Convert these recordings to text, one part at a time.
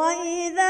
وإذا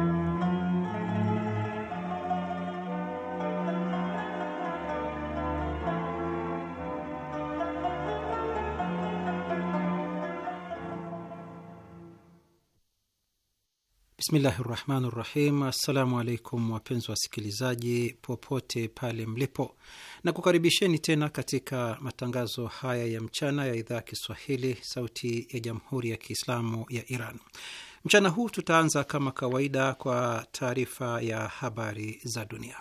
Bismillahi rahmani rahim. Assalamu alaikum wapenzi wasikilizaji popote pale mlipo, na kukaribisheni tena katika matangazo haya ya mchana ya idhaa ya Kiswahili sauti ya jamhuri ya Kiislamu ya Iran. Mchana huu tutaanza kama kawaida kwa taarifa ya habari za dunia.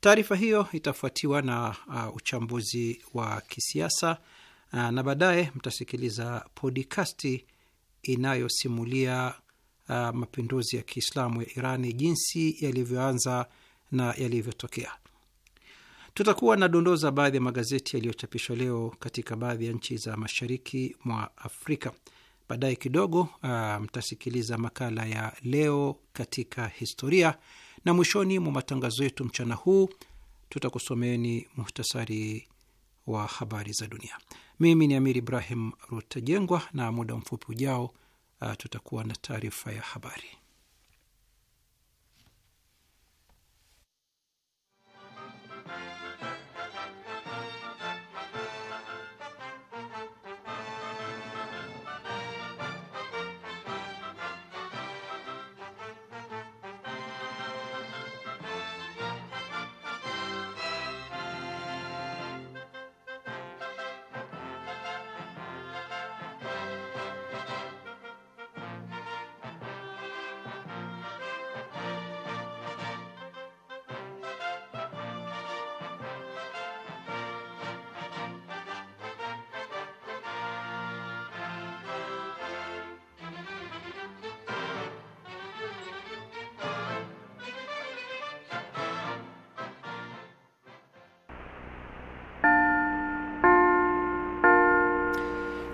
Taarifa hiyo itafuatiwa na uh, uchambuzi wa kisiasa uh, na baadaye mtasikiliza podikasti inayosimulia uh, mapinduzi ya Kiislamu ya Irani jinsi yalivyoanza na yalivyotokea. Tutakuwa na dondoo za baadhi ya magazeti yaliyochapishwa leo katika baadhi ya nchi za mashariki mwa Afrika. Baadaye kidogo uh, mtasikiliza makala ya leo katika historia, na mwishoni mwa matangazo yetu mchana huu tutakusomeeni muhtasari wa habari za dunia. Mimi ni Amir Ibrahim Rutajengwa, na muda mfupi ujao Ah, tutakuwa na taarifa ya habari.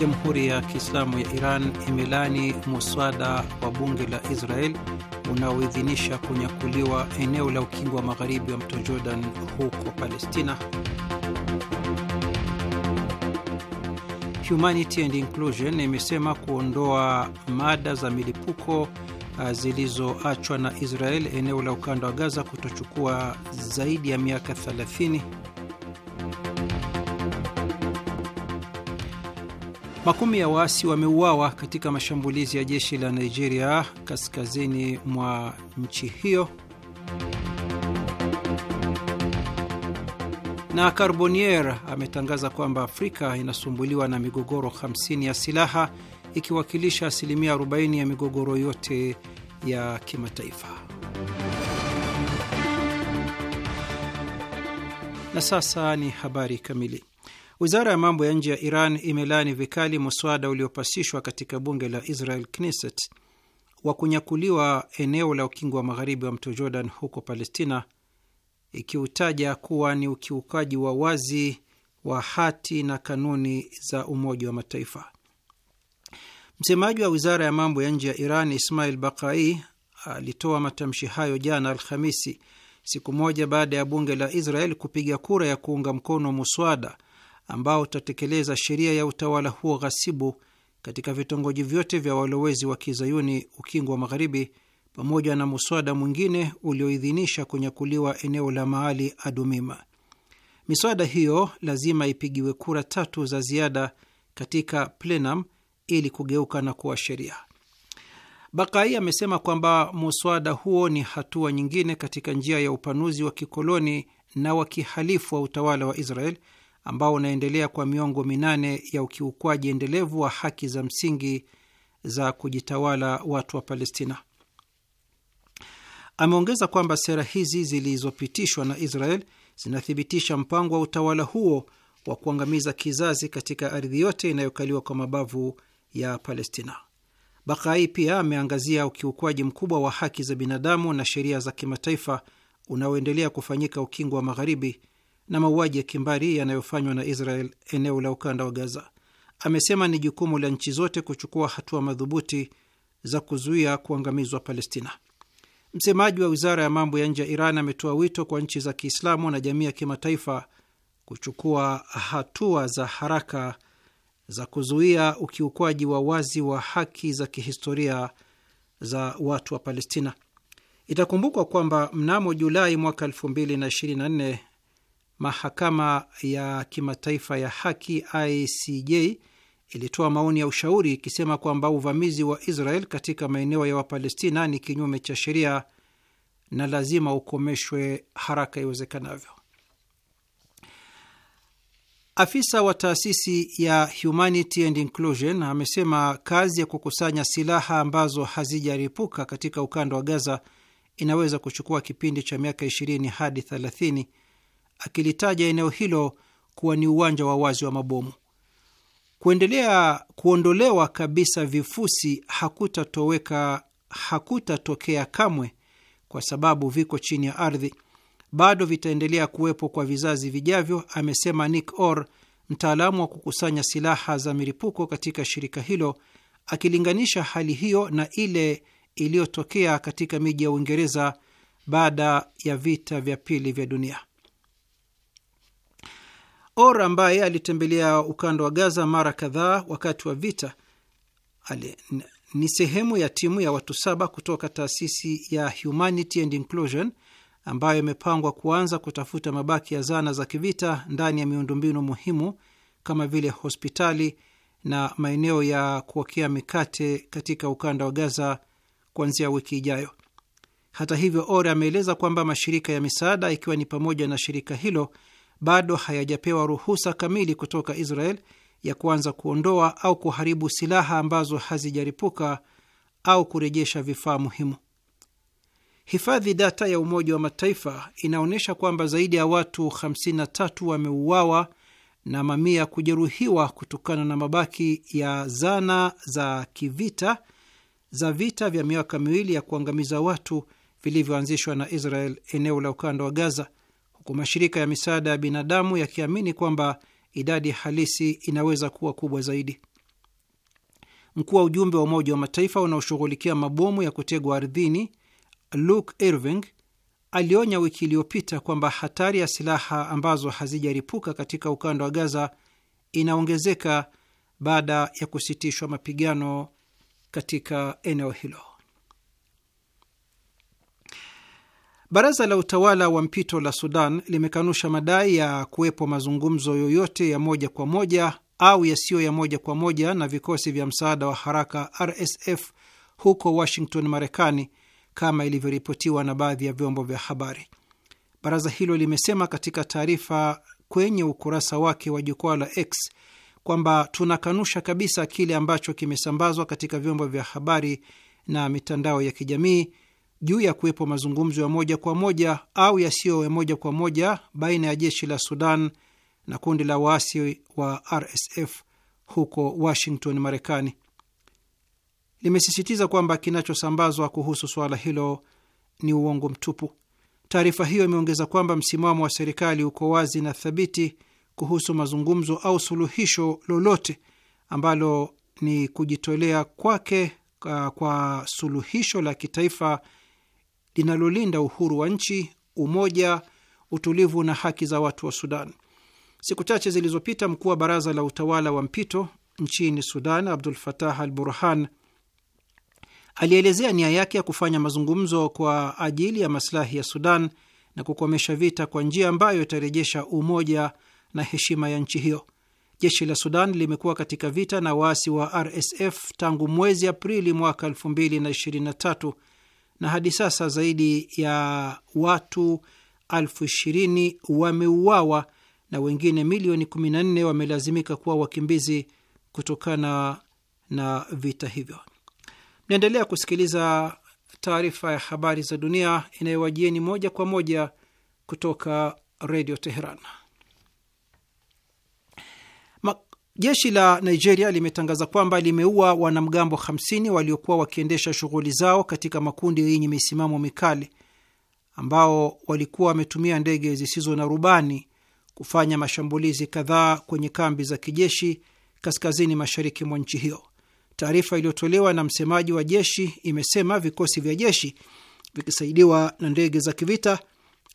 Jamhuri ya Kiislamu ya Iran imelani muswada wa bunge la Israel unaoidhinisha kunyakuliwa eneo la ukingo wa magharibi wa mto Jordan huko Palestina. Humanity and Inclusion imesema kuondoa mada za milipuko uh, zilizoachwa na Israel eneo la ukanda wa Gaza kutochukua zaidi ya miaka 30. Makumi ya waasi wameuawa katika mashambulizi ya jeshi la Nigeria kaskazini mwa nchi hiyo. Na Carbonier ametangaza kwamba Afrika inasumbuliwa na migogoro 50 ya silaha ikiwakilisha asilimia 40 ya migogoro yote ya kimataifa. Na sasa ni habari kamili. Wizara ya mambo ya nje ya Iran imelaani vikali mswada uliopasishwa katika bunge la Israel, Knesset, wa kunyakuliwa eneo la ukingo wa magharibi wa mto Jordan huko Palestina, ikiutaja kuwa ni ukiukaji wa wazi wa hati na kanuni za Umoja wa Mataifa. Msemaji wa wizara ya mambo ya nje ya Iran, Ismail Bakai, alitoa matamshi hayo jana Alhamisi, siku moja baada ya bunge la Israel kupiga kura ya kuunga mkono muswada ambao utatekeleza sheria ya utawala huo ghasibu katika vitongoji vyote vya walowezi wa kizayuni ukingo wa Magharibi, pamoja na muswada mwingine ulioidhinisha kunyakuliwa eneo la Maali Adumima. Miswada hiyo lazima ipigiwe kura tatu za ziada katika plenum ili kugeuka na kuwa sheria. Bakai amesema kwamba muswada huo ni hatua nyingine katika njia ya upanuzi wa kikoloni na wa kihalifu wa utawala wa Israel ambao unaendelea kwa miongo minane ya ukiukwaji endelevu wa haki za msingi za kujitawala watu wa Palestina. Ameongeza kwamba sera hizi zilizopitishwa na Israel zinathibitisha mpango wa utawala huo wa kuangamiza kizazi katika ardhi yote inayokaliwa kwa mabavu ya Palestina. Bakai pia ameangazia ukiukwaji mkubwa wa haki za binadamu na sheria za kimataifa unaoendelea kufanyika Ukingo wa Magharibi na mauaji ya kimbari yanayofanywa na Israel eneo la ukanda wa Gaza. Amesema ni jukumu la nchi zote kuchukua hatua madhubuti za kuzuia kuangamizwa Palestina. Msemaji wa wizara ya mambo ya nje ya Iran ametoa wito kwa nchi za Kiislamu na jamii ya kimataifa kuchukua hatua za haraka za kuzuia ukiukwaji wa wazi wa haki za kihistoria za watu wa Palestina. Itakumbukwa kwamba mnamo Julai mwaka 2024 mahakama ya kimataifa ya haki ICJ ilitoa maoni ya ushauri ikisema kwamba uvamizi wa Israel katika maeneo ya Wapalestina ni kinyume cha sheria na lazima ukomeshwe haraka iwezekanavyo. Afisa wa taasisi ya Humanity and Inclusion amesema kazi ya kukusanya silaha ambazo hazijaripuka katika ukanda wa Gaza inaweza kuchukua kipindi cha miaka 20 hadi 30 akilitaja eneo hilo kuwa ni uwanja wa wazi wa mabomu. Kuendelea kuondolewa kabisa vifusi hakutatoweka, hakutatokea kamwe, kwa sababu viko chini ya ardhi, bado vitaendelea kuwepo kwa vizazi vijavyo, amesema Nick Orr, mtaalamu wa kukusanya silaha za milipuko katika shirika hilo, akilinganisha hali hiyo na ile iliyotokea katika miji ya Uingereza baada ya vita vya pili vya dunia. Or ambaye alitembelea ukanda wa Gaza mara kadhaa wakati wa vita Ali, ni sehemu ya timu ya watu saba kutoka taasisi ya Humanity and Inclusion ambayo imepangwa kuanza kutafuta mabaki ya zana za kivita ndani ya miundombinu muhimu kama vile hospitali na maeneo ya kuokea mikate katika ukanda wa Gaza kuanzia wiki ijayo. Hata hivyo, or ameeleza kwamba mashirika ya misaada ikiwa ni pamoja na shirika hilo bado hayajapewa ruhusa kamili kutoka Israel ya kuanza kuondoa au kuharibu silaha ambazo hazijaripuka au kurejesha vifaa muhimu. Hifadhi data ya Umoja wa Mataifa inaonyesha kwamba zaidi ya watu 53 wameuawa na mamia kujeruhiwa kutokana na mabaki ya zana za kivita za vita vya miaka miwili ya kuangamiza watu vilivyoanzishwa na Israel eneo la ukanda wa Gaza huku mashirika ya misaada ya binadamu yakiamini kwamba idadi halisi inaweza kuwa kubwa zaidi. Mkuu wa ujumbe wa Umoja wa Mataifa unaoshughulikia mabomu ya kutegwa ardhini Luke Irving alionya wiki iliyopita kwamba hatari ya silaha ambazo hazijaripuka katika ukanda wa Gaza inaongezeka baada ya kusitishwa mapigano katika eneo hilo. Baraza la utawala wa mpito la Sudan limekanusha madai ya kuwepo mazungumzo yoyote ya moja kwa moja au yasiyo ya moja kwa moja na vikosi vya msaada wa haraka RSF huko Washington, Marekani, kama ilivyoripotiwa na baadhi ya vyombo vya habari. Baraza hilo limesema katika taarifa kwenye ukurasa wake wa jukwaa la X kwamba tunakanusha kabisa kile ambacho kimesambazwa katika vyombo vya habari na mitandao ya kijamii juu ya kuwepo mazungumzo ya moja kwa moja au yasiyo ya moja kwa moja baina ya jeshi la Sudan na kundi la waasi wa RSF huko Washington, Marekani. Limesisitiza kwamba kinachosambazwa kuhusu suala hilo ni uongo mtupu. Taarifa hiyo imeongeza kwamba msimamo wa serikali uko wazi na thabiti kuhusu mazungumzo au suluhisho lolote ambalo ni kujitolea kwake uh, kwa suluhisho la kitaifa linalolinda uhuru wa nchi, umoja, utulivu na haki za watu wa Sudan. Siku chache zilizopita, mkuu wa baraza la utawala wa mpito nchini Sudan, Abdul Fatah al Burhan, alielezea nia yake ya kufanya mazungumzo kwa ajili ya masilahi ya Sudan na kukomesha vita kwa njia ambayo itarejesha umoja na heshima ya nchi hiyo. Jeshi la Sudan limekuwa katika vita na waasi wa RSF tangu mwezi Aprili mwaka na hadi sasa zaidi ya watu elfu ishirini wameuawa na wengine milioni 14 wamelazimika kuwa wakimbizi kutokana na vita hivyo. Mnaendelea kusikiliza taarifa ya habari za dunia inayowajieni moja kwa moja kutoka Redio Teheran. Jeshi la Nigeria limetangaza kwamba limeua wanamgambo 50 waliokuwa wakiendesha shughuli zao katika makundi yenye misimamo mikali ambao walikuwa wametumia ndege zisizo na rubani kufanya mashambulizi kadhaa kwenye kambi za kijeshi kaskazini mashariki mwa nchi hiyo. Taarifa iliyotolewa na msemaji wa jeshi imesema vikosi vya jeshi vikisaidiwa na ndege za kivita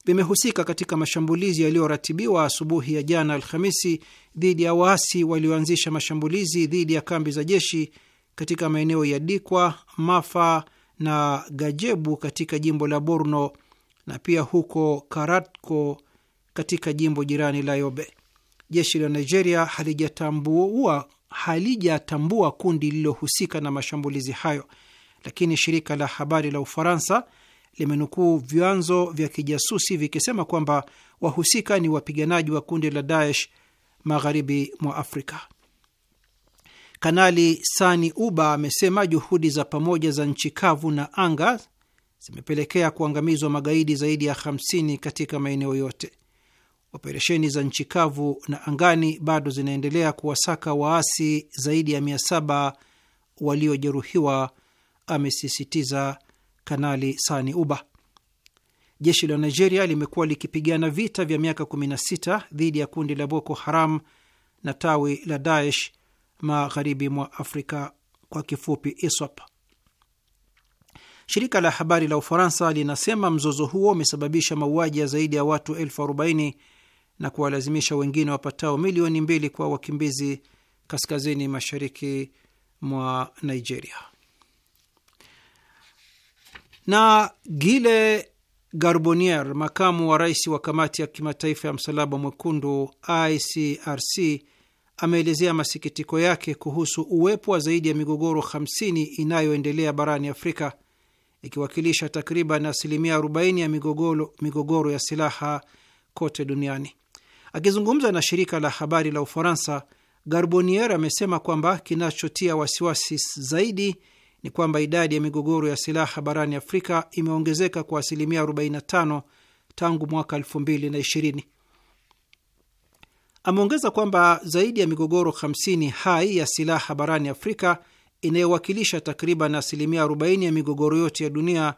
vimehusika katika mashambulizi yaliyoratibiwa asubuhi ya jana Alhamisi dhidi ya waasi walioanzisha mashambulizi dhidi ya kambi za jeshi katika maeneo ya Dikwa, Mafa na Gajebu katika jimbo la Borno na pia huko Karatko katika jimbo jirani la Yobe. Jeshi la Nigeria halijatambua halijatambua kundi lililohusika na mashambulizi hayo, lakini shirika la habari la Ufaransa limenukuu vyanzo vya kijasusi vikisema kwamba wahusika ni wapiganaji wa kundi la Daesh magharibi mwa Afrika. Kanali Sani Uba amesema juhudi za pamoja za nchi kavu na anga zimepelekea kuangamizwa magaidi zaidi ya 50 katika maeneo yote. Operesheni za nchi kavu na angani bado zinaendelea kuwasaka waasi zaidi ya 700 waliojeruhiwa, amesisitiza Kanali Sani Uba. Jeshi la Nigeria limekuwa likipigana vita vya miaka 16 dhidi ya kundi la Boko Haram na tawi la Daesh magharibi mwa Afrika, kwa kifupi ISWAP. Shirika la habari la Ufaransa linasema mzozo huo umesababisha mauaji ya zaidi ya watu elfu arobaini na kuwalazimisha wengine wapatao milioni mbili kwa wakimbizi kaskazini mashariki mwa Nigeria na Gile Garbonier, makamu wa rais wa kamati ya kimataifa ya msalaba mwekundu ICRC, ameelezea masikitiko yake kuhusu uwepo wa zaidi ya migogoro 50 inayoendelea barani Afrika, ikiwakilisha takriban asilimia 40 ya migogoro, migogoro ya silaha kote duniani. Akizungumza na shirika la habari la Ufaransa, Garbonier amesema kwamba kinachotia wasiwasi zaidi ni kwamba idadi ya migogoro ya silaha barani Afrika imeongezeka kwa asilimia 45 tangu mwaka 2020. Ameongeza kwamba zaidi ya migogoro 50 hai ya silaha barani Afrika inayowakilisha takriban asilimia 40 ya migogoro yote ya dunia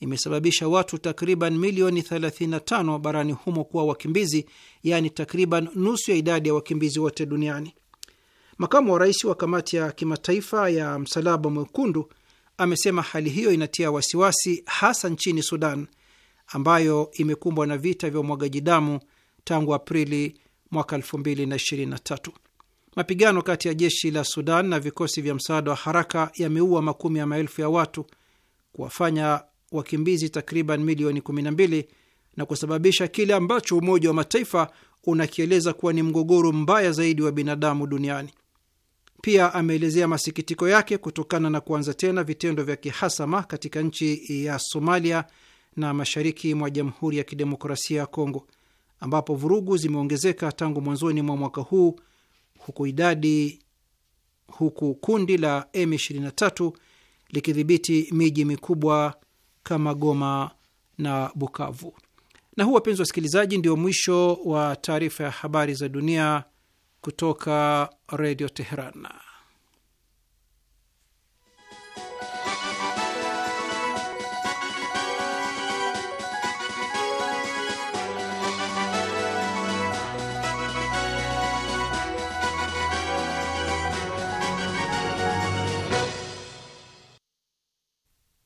imesababisha watu takriban milioni 35 barani humo kuwa wakimbizi, yaani takriban nusu ya idadi ya wakimbizi wote duniani. Makamu wa rais wa kamati ya kimataifa ya Msalaba Mwekundu amesema hali hiyo inatia wasiwasi, hasa nchini Sudan ambayo imekumbwa na vita vya umwagaji damu tangu Aprili mwaka 2023. Mapigano kati ya jeshi la Sudan na vikosi vya msaada wa haraka yameua makumi ya maelfu ya watu, kuwafanya wakimbizi takriban milioni 12 na kusababisha kile ambacho Umoja wa Mataifa unakieleza kuwa ni mgogoro mbaya zaidi wa binadamu duniani. Pia ameelezea masikitiko yake kutokana na kuanza tena vitendo vya kihasama katika nchi ya Somalia na mashariki mwa Jamhuri ya Kidemokrasia ya Kongo ambapo vurugu zimeongezeka tangu mwanzoni mwa mwaka huu huku idadi huku kundi la M23 likidhibiti miji mikubwa kama Goma na Bukavu. Na huu, wapenzi wa wasikilizaji, ndio mwisho wa taarifa ya habari za dunia kutoka Redio Teheran.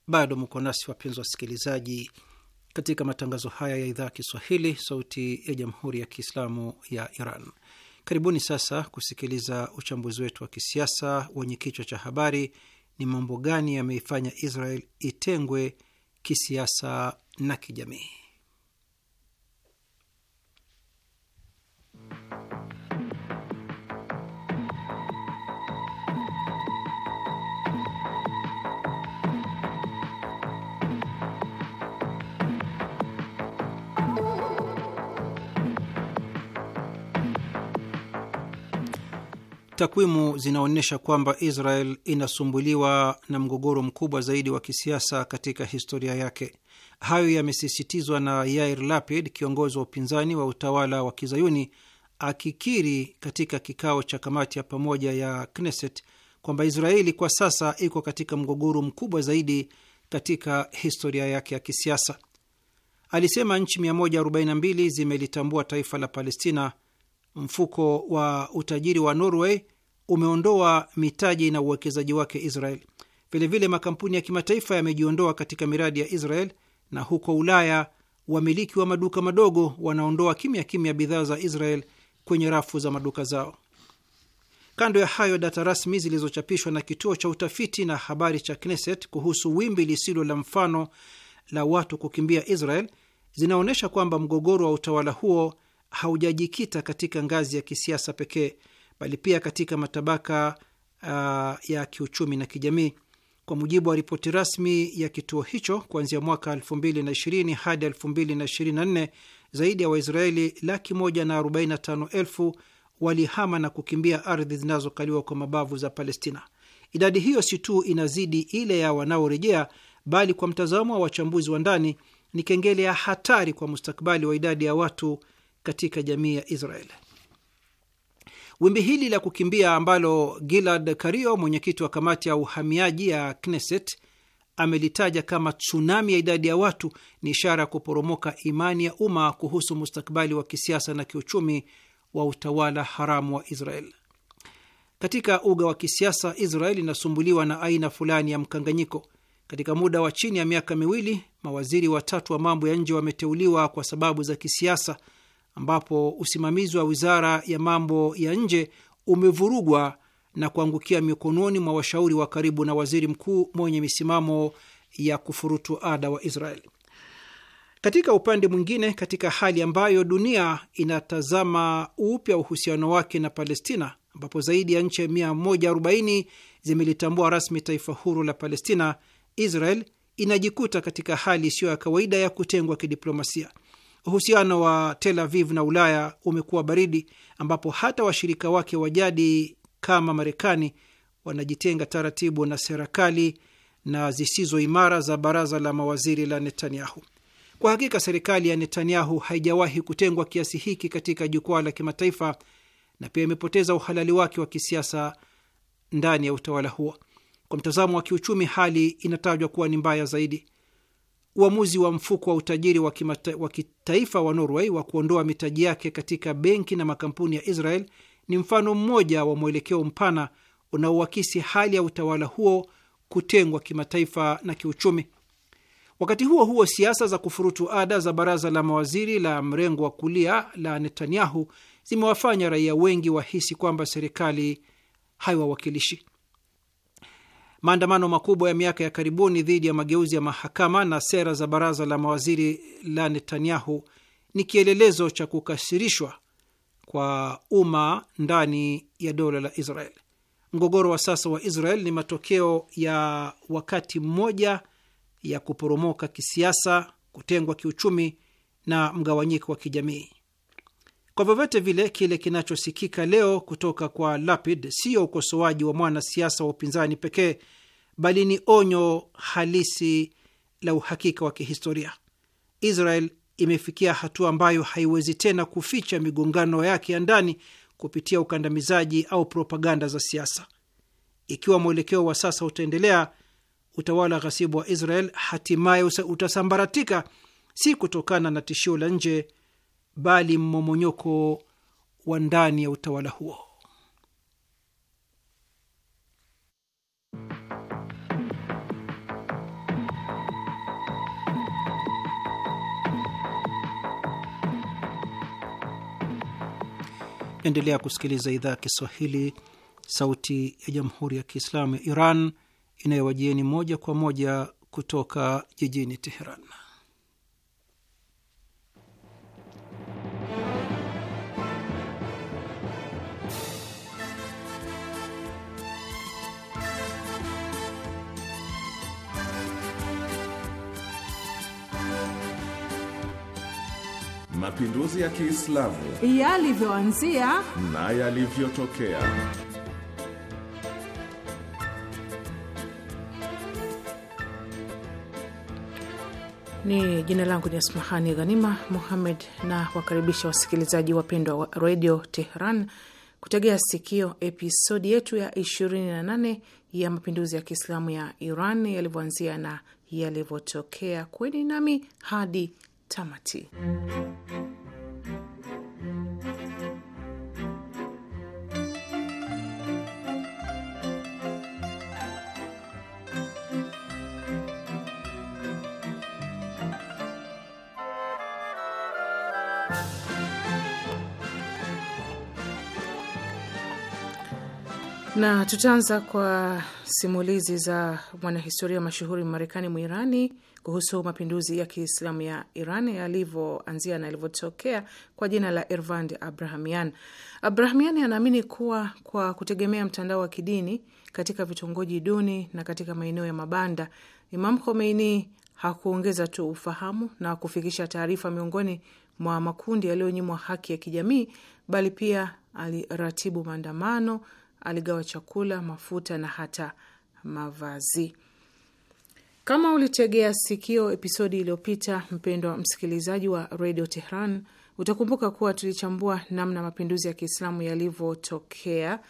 Bado mko nasi wapenzi wasikilizaji, katika matangazo haya ya idhaa ya Kiswahili, sauti ya jamhuri ya kiislamu ya Iran. Karibuni sasa kusikiliza uchambuzi wetu wa kisiasa wenye kichwa cha habari ni mambo gani yameifanya Israel itengwe kisiasa na kijamii. Takwimu zinaonyesha kwamba Israel inasumbuliwa na mgogoro mkubwa zaidi wa kisiasa katika historia yake. Hayo yamesisitizwa na Yair Lapid, kiongozi wa upinzani wa utawala wa Kizayuni, akikiri katika kikao cha kamati ya pamoja ya Knesset kwamba Israeli kwa sasa iko katika mgogoro mkubwa zaidi katika historia yake ya kisiasa. Alisema nchi 142 zimelitambua taifa la Palestina Mfuko wa utajiri wa Norway umeondoa mitaji na uwekezaji wake Israel. Vilevile, makampuni ya kimataifa yamejiondoa katika miradi ya Israel, na huko Ulaya wamiliki wa maduka madogo wanaondoa kimya kimya bidhaa za Israel kwenye rafu za maduka zao. Kando ya hayo, data rasmi zilizochapishwa na kituo cha utafiti na habari cha Knesset kuhusu wimbi lisilo la mfano la watu kukimbia Israel zinaonyesha kwamba mgogoro wa utawala huo haujajikita katika ngazi ya kisiasa pekee, bali pia katika matabaka uh, ya kiuchumi na kijamii. Kwa mujibu wa ripoti rasmi ya kituo hicho, kuanzia mwaka 2020 hadi 2024 zaidi ya Waisraeli laki moja na 45 elfu walihama na kukimbia ardhi zinazokaliwa kwa mabavu za Palestina. Idadi hiyo si tu inazidi ile ya wanaorejea, bali kwa mtazamo wa wachambuzi wa ndani ni kengele ya hatari kwa mustakabali wa idadi ya watu katika jamii ya israel Wimbi hili la kukimbia ambalo Gilad Kario, mwenyekiti wa kamati ya uhamiaji ya Knesset, amelitaja kama tsunami ya idadi ya watu ni ishara ya kuporomoka imani ya umma kuhusu mustakabali wa kisiasa na kiuchumi wa utawala haramu wa Israel. Katika uga wa kisiasa, Israel inasumbuliwa na aina fulani ya mkanganyiko. Katika muda wa chini ya miaka miwili, mawaziri watatu wa mambo ya nje wameteuliwa kwa sababu za kisiasa ambapo usimamizi wa wizara ya mambo ya nje umevurugwa na kuangukia mikononi mwa washauri wa karibu na waziri mkuu mwenye misimamo ya kufurutu ada wa Israel. Katika upande mwingine, katika hali ambayo dunia inatazama upya uhusiano wake na Palestina, ambapo zaidi ya nchi 140 zimelitambua rasmi taifa huru la Palestina, Israel inajikuta katika hali isiyo ya kawaida ya kutengwa kidiplomasia. Uhusiano wa Tel Aviv na Ulaya umekuwa baridi, ambapo hata washirika wake wa jadi kama Marekani wanajitenga taratibu na serikali na zisizo imara za baraza la mawaziri la Netanyahu. Kwa hakika serikali ya Netanyahu haijawahi kutengwa kiasi hiki katika jukwaa la kimataifa na pia imepoteza uhalali wake wa kisiasa ndani ya utawala huo. Kwa mtazamo wa kiuchumi, hali inatajwa kuwa ni mbaya zaidi. Uamuzi wa mfuko wa utajiri wa, kimata, wa kitaifa wa Norway wa kuondoa mitaji yake katika benki na makampuni ya Israel ni mfano mmoja wa mwelekeo mpana unaoakisi hali ya utawala huo kutengwa kimataifa na kiuchumi. Wakati huo huo, siasa za kufurutu ada za baraza la mawaziri la mrengo wa kulia la Netanyahu zimewafanya raia wengi wahisi kwamba serikali haiwawakilishi. Maandamano makubwa ya miaka ya karibuni dhidi ya mageuzi ya mahakama na sera za baraza la mawaziri la Netanyahu ni kielelezo cha kukasirishwa kwa umma ndani ya dola la Israel. Mgogoro wa sasa wa Israel ni matokeo ya wakati mmoja ya kuporomoka kisiasa, kutengwa kiuchumi na mgawanyiko wa kijamii. Kwa vyovyote vile, kile kinachosikika leo kutoka kwa Lapid siyo ukosoaji wa mwanasiasa wa upinzani pekee, bali ni onyo halisi la uhakika wa kihistoria. Israel imefikia hatua ambayo haiwezi tena kuficha migongano yake ya ndani kupitia ukandamizaji au propaganda za siasa. Ikiwa mwelekeo wa sasa utaendelea, utawala ghasibu wa Israel hatimaye utasambaratika, si kutokana na tishio la nje bali mmomonyoko wa ndani ya utawala huo. Endelea kusikiliza idhaa ya Kiswahili, Sauti ya Jamhuri ya Kiislamu ya Iran inayowajieni moja kwa moja kutoka jijini Teheran. mapinduzi ya Kiislamu yalivyoanzia na yalivyotokea. Ni jina langu ni Asmahani Ghanima Muhammed, na wakaribisha wasikilizaji wapendwa wa redio Tehran kutegea sikio episodi yetu ya 28 ya mapinduzi ya Kiislamu ya Iran yalivyoanzia na yalivyotokea. Kweni nami hadi tamati. Na tutaanza kwa simulizi za mwanahistoria mashuhuri Marekani Mwirani kuhusu mapinduzi ya Kiislamu ya Iran yalivyoanzia na yalivyotokea kwa jina la Ervand Abrahamian. Abrahamian anaamini kuwa kwa kutegemea mtandao wa kidini katika vitongoji duni na katika maeneo ya mabanda, Imam Khomeini hakuongeza tu ufahamu na kufikisha taarifa miongoni mwa makundi yaliyonyimwa haki ya kijamii, bali pia aliratibu maandamano, aligawa chakula, mafuta na hata mavazi. Kama ulitegea sikio episodi iliyopita, mpendwa msikilizaji wa redio Tehran, utakumbuka kuwa tulichambua namna mapinduzi ya Kiislamu yalivyotokea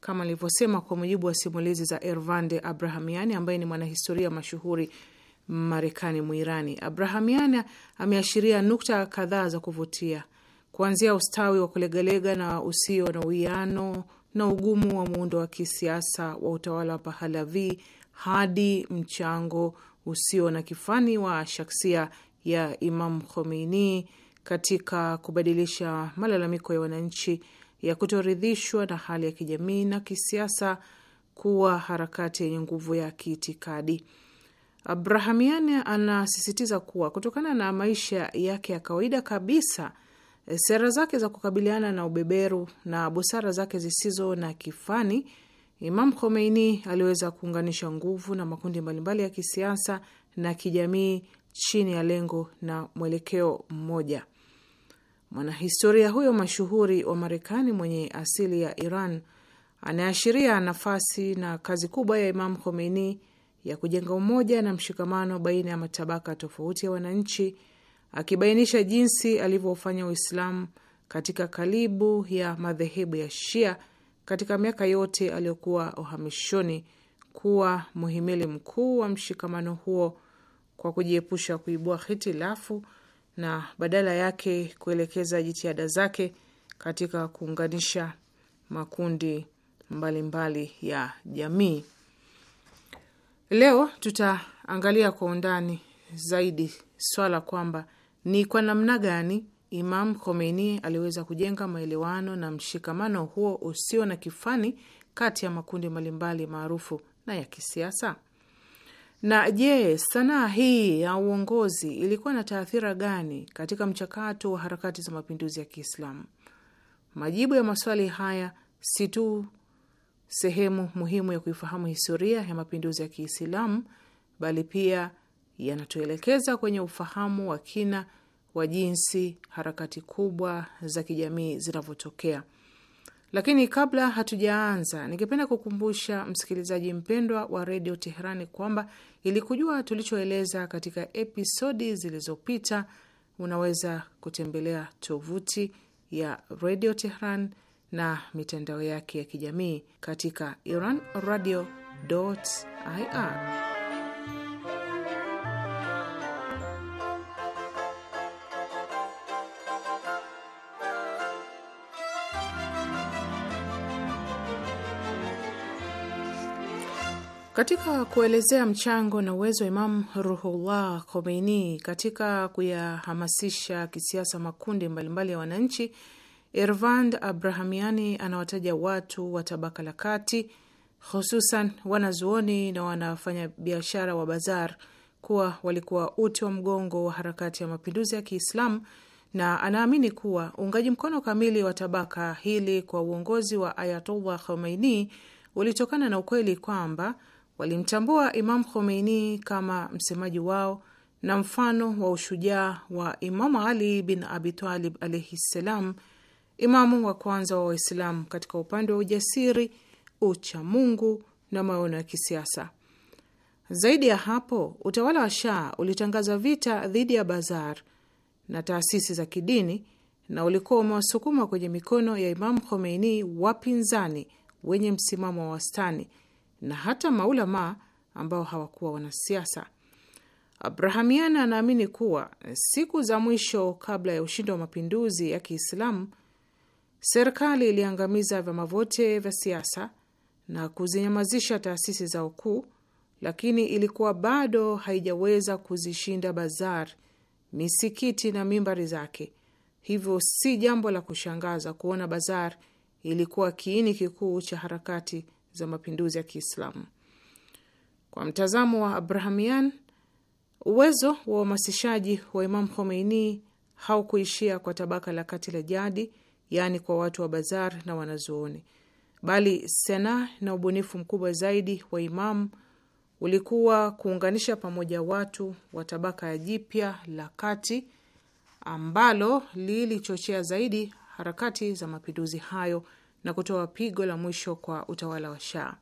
kama nilivyosema, kwa mujibu wa simulizi za Ervande Abrahamiani ambaye ni mwanahistoria mashuhuri Marekani Mwirani. Abrahamiani ameashiria nukta kadhaa za kuvutia, kuanzia ustawi wa kulegalega na usio na uwiano na ugumu wa muundo wa kisiasa wa utawala wa Pahalavi hadi mchango usio na kifani wa shaksia ya Imam Khomeini katika kubadilisha malalamiko ya wananchi ya kutoridhishwa na hali ya kijamii na kisiasa kuwa harakati yenye nguvu ya kiitikadi. Abrahamian anasisitiza kuwa kutokana na maisha yake ya kawaida kabisa, sera zake za kukabiliana na ubeberu na busara zake zisizo na kifani Imam Khomeini aliweza kuunganisha nguvu na makundi mbalimbali ya kisiasa na kijamii chini ya lengo na mwelekeo mmoja. Mwanahistoria huyo mashuhuri wa Marekani mwenye asili ya Iran anaashiria nafasi na kazi kubwa ya Imam Khomeini ya kujenga umoja na mshikamano baina ya matabaka tofauti ya wananchi, akibainisha jinsi alivyofanya Uislamu katika kalibu ya madhehebu ya Shia katika miaka yote aliyokuwa uhamishoni kuwa muhimili mkuu wa mshikamano huo kwa kujiepusha kuibua hitilafu na badala yake kuelekeza jitihada zake katika kuunganisha makundi mbalimbali mbali ya jamii. Leo tutaangalia kwa undani zaidi swala kwamba ni kwa namna gani Imam Khomeini aliweza kujenga maelewano na mshikamano huo usio na kifani kati ya makundi mbalimbali maarufu na ya kisiasa. Na je, sanaa hii ya uongozi ilikuwa na taathira gani katika mchakato wa harakati za mapinduzi ya Kiislamu? Majibu ya maswali haya si tu sehemu muhimu ya kuifahamu historia ya mapinduzi ya Kiislamu, bali pia yanatuelekeza kwenye ufahamu wa kina wa jinsi harakati kubwa za kijamii zinavyotokea. Lakini kabla hatujaanza, ningependa kukumbusha msikilizaji mpendwa wa redio Teherani kwamba ili kujua tulichoeleza katika episodi zilizopita, unaweza kutembelea tovuti ya redio Teheran na mitandao yake ya kijamii katika Iran radio ir Katika kuelezea mchango na uwezo wa Imam Ruhullah Khomeini katika kuyahamasisha kisiasa makundi mbalimbali mbali ya wananchi, Ervand Abrahamiani anawataja watu wa tabaka la kati, hususan wanazuoni na wanafanya biashara wa bazar kuwa walikuwa uti wa mgongo wa harakati ya mapinduzi ya Kiislamu, na anaamini kuwa uungaji mkono kamili wa tabaka hili kwa uongozi wa Ayatullah Khomeini ulitokana na ukweli kwamba walimtambua Imam Khomeini kama msemaji wao na mfano wa ushujaa wa Imamu Ali bin Abitalib alaihi ssalam, imamu wa kwanza wa Waislamu katika upande wa ujasiri, uchamungu na maono ya kisiasa. Zaidi ya hapo, utawala wa Shah ulitangaza vita dhidi ya bazar na taasisi za kidini na ulikuwa umewasukuma kwenye mikono ya Imamu Khomeini wapinzani wenye msimamo wa wastani na hata maulama ambao hawakuwa wanasiasa. Abrahamian anaamini kuwa siku za mwisho kabla ya ushindi wa mapinduzi ya Kiislamu, serikali iliangamiza vyama vyote vya siasa na kuzinyamazisha taasisi za ukuu, lakini ilikuwa bado haijaweza kuzishinda bazar, misikiti na mimbari zake. Hivyo si jambo la kushangaza kuona bazar ilikuwa kiini kikuu cha harakati za mapinduzi ya Kiislamu. Kwa mtazamo wa Abrahamian, uwezo wa uhamasishaji wa Imam Khomeini haukuishia kwa tabaka la kati la jadi, yaani kwa watu wa bazar na wanazuoni, bali sena na ubunifu mkubwa zaidi wa Imam ulikuwa kuunganisha pamoja watu wa tabaka ya jipya la kati ambalo lilichochea zaidi harakati za mapinduzi hayo na kutoa pigo la mwisho kwa utawala wa Shah.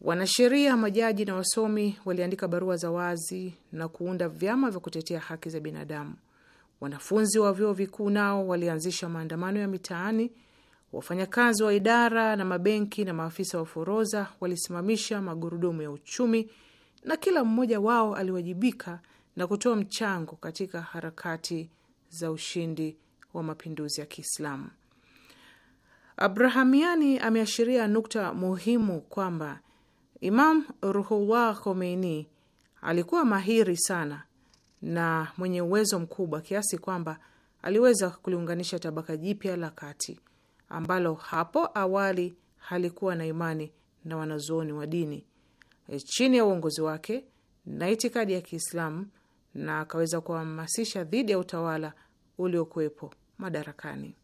Wanasheria, majaji na wasomi waliandika barua za wazi na kuunda vyama vya kutetea haki za binadamu. Wanafunzi wa vyuo vikuu nao walianzisha maandamano ya mitaani. Wafanyakazi wa idara na mabenki na maafisa wa forodha walisimamisha magurudumu ya uchumi, na kila mmoja wao aliwajibika na kutoa mchango katika harakati za ushindi wa mapinduzi ya Kiislamu. Abrahamiani ameashiria nukta muhimu kwamba Imam Ruhullah Khomeini alikuwa mahiri sana na mwenye uwezo mkubwa kiasi kwamba aliweza kuliunganisha tabaka jipya la kati ambalo hapo awali halikuwa na imani na wanazuoni wa dini e, chini ya uongozi wake na itikadi ya Kiislamu, na akaweza kuhamasisha dhidi ya utawala uliokuwepo madarakani.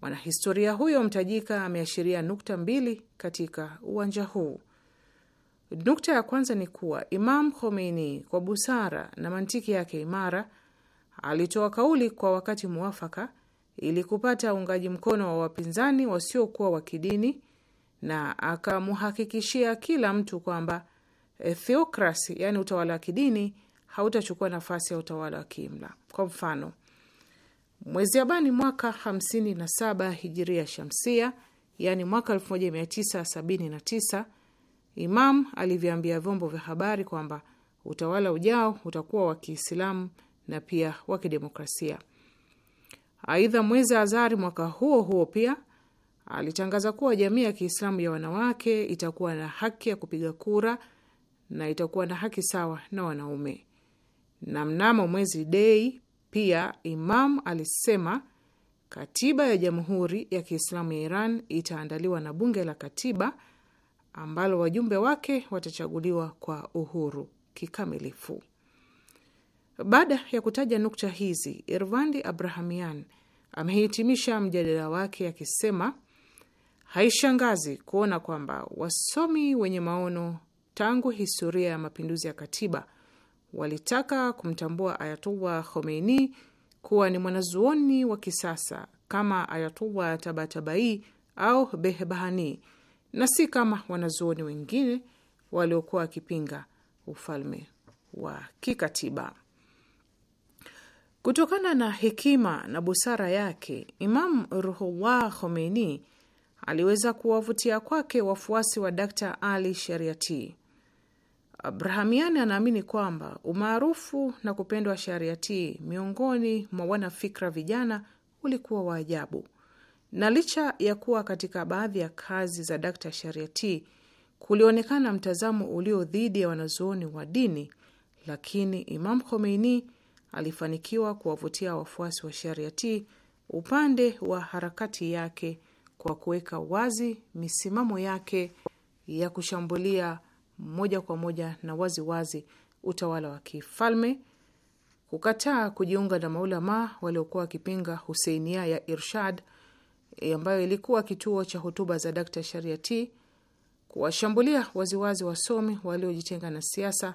Mwanahistoria huyo mtajika ameashiria nukta mbili katika uwanja huu. Nukta ya kwanza ni kuwa Imam Khomeini kwa busara na mantiki yake imara alitoa kauli kwa wakati mwafaka ili kupata uungaji mkono wa wapinzani wasiokuwa wa kidini, na akamuhakikishia kila mtu kwamba theokrasi, yani utawala wa kidini, hautachukua nafasi ya utawala wa kiimla. Kwa mfano, mwezi Abani mwaka 57 hijiria shamsia, yani mwaka 1979, Imam alivyoambia vyombo vya habari kwamba utawala ujao utakuwa wa Kiislamu na pia wa kidemokrasia. Aidha, mwezi Azari mwaka huo huo pia alitangaza kuwa jamii ya Kiislamu ya wanawake itakuwa na haki ya kupiga kura na itakuwa na haki sawa na wanaume. Na mnamo mwezi Dei pia Imam alisema katiba ya Jamhuri ya Kiislamu ya Iran itaandaliwa na bunge la katiba ambalo wajumbe wake watachaguliwa kwa uhuru kikamilifu. Baada ya kutaja nukta hizi, Irvandi Abrahamian amehitimisha mjadala wake akisema haishangazi kuona kwamba wasomi wenye maono tangu historia ya mapinduzi ya katiba walitaka kumtambua Ayatullah Khomeini kuwa ni mwanazuoni wa kisasa kama Ayatullah Tabatabai au Behbahani na si kama wanazuoni wengine waliokuwa wakipinga ufalme wa kikatiba. Kutokana na hekima na busara yake, Imam Ruhullah Khomeini aliweza kuwavutia kwake wafuasi wa Dr Ali Shariati Brahamiani anaamini kwamba umaarufu na kupendwa shariati miongoni mwa wanafikra vijana ulikuwa wa ajabu, na licha ya kuwa katika baadhi ya kazi za Dakta Shariati kulionekana mtazamo ulio dhidi ya wanazuoni wa dini, lakini Imam Khomeini alifanikiwa kuwavutia wafuasi wa Shariati upande wa harakati yake kwa kuweka wazi misimamo yake ya kushambulia moja kwa moja na waziwazi wazi utawala wa kifalme, kukataa kujiunga na maulama waliokuwa wakipinga Huseinia ya Irshad e, ambayo ilikuwa kituo cha hotuba za Dkt Shariati, kuwashambulia waziwazi wasomi waliojitenga na siasa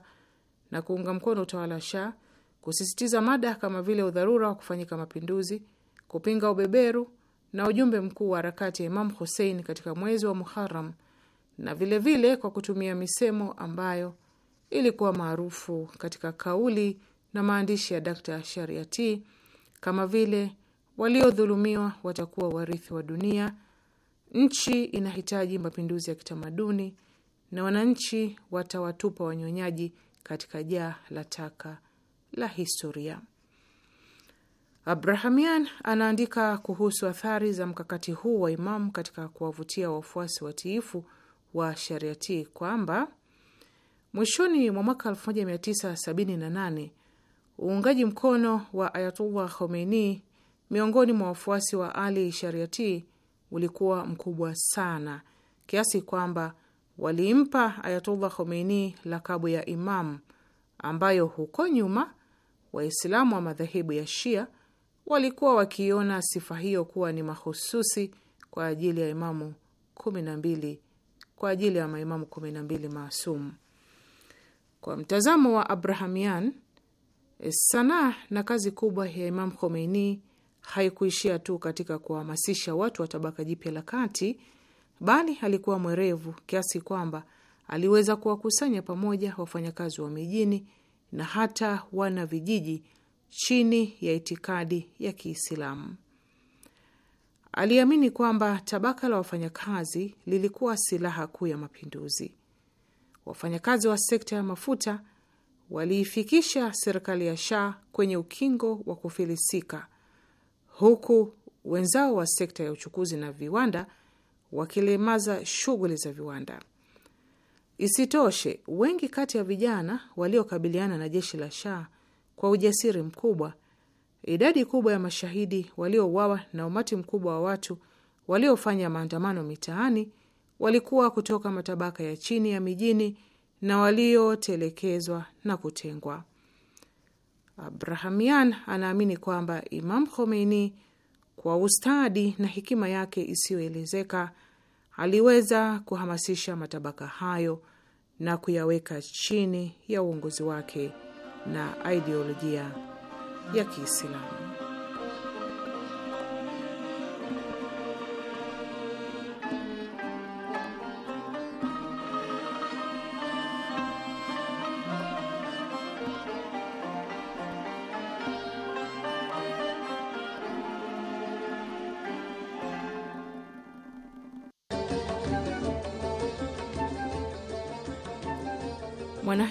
na kuunga mkono utawala wa Shah, kusisitiza mada kama vile udharura wa kufanyika mapinduzi, kupinga ubeberu na ujumbe mkuu wa harakati ya Imam husein katika mwezi wa Muharram na vilevile vile kwa kutumia misemo ambayo ilikuwa maarufu katika kauli na maandishi ya Dr. Shariati kama vile waliodhulumiwa watakuwa warithi wa dunia, nchi inahitaji mapinduzi ya kitamaduni, na wananchi watawatupa wanyonyaji katika jaa la taka la historia. Abrahamian anaandika kuhusu athari za mkakati huu wa Imamu katika kuwavutia wafuasi watiifu wa Shariati kwamba mwishoni mwa mwaka 1978 uungaji mkono wa Ayatullah Khomeini miongoni mwa wafuasi wa Ali Shariati ulikuwa mkubwa sana kiasi kwamba walimpa Ayatullah Khomeini lakabu ya Imam ambayo huko nyuma Waislamu wa madhehebu ya Shia walikuwa wakiona sifa hiyo kuwa ni mahususi kwa ajili ya imamu kumi na mbili kwa ajili ya maimamu 12 maasum. Kwa mtazamo wa Abrahamian, eh, sanaa na kazi kubwa ya Imam Khomeini haikuishia tu katika kuwahamasisha watu wa tabaka jipya la kati, bali alikuwa mwerevu kiasi kwamba aliweza kuwakusanya pamoja wafanyakazi wa mijini na hata wana vijiji chini ya itikadi ya Kiislamu aliamini kwamba tabaka la wafanyakazi lilikuwa silaha kuu ya mapinduzi. Wafanyakazi wa sekta ya mafuta waliifikisha serikali ya Shah kwenye ukingo wa kufilisika, huku wenzao wa sekta ya uchukuzi na viwanda wakilemaza shughuli za viwanda. Isitoshe, wengi kati ya vijana waliokabiliana na jeshi la Shah kwa ujasiri mkubwa idadi kubwa ya mashahidi waliouawa na umati mkubwa wa watu waliofanya maandamano mitaani walikuwa kutoka matabaka ya chini ya mijini na waliotelekezwa na kutengwa. Abrahamian anaamini kwamba Imam Khomeini kwa ustadi na hekima yake isiyoelezeka aliweza kuhamasisha matabaka hayo na kuyaweka chini ya uongozi wake na ideolojia e aqui se lama.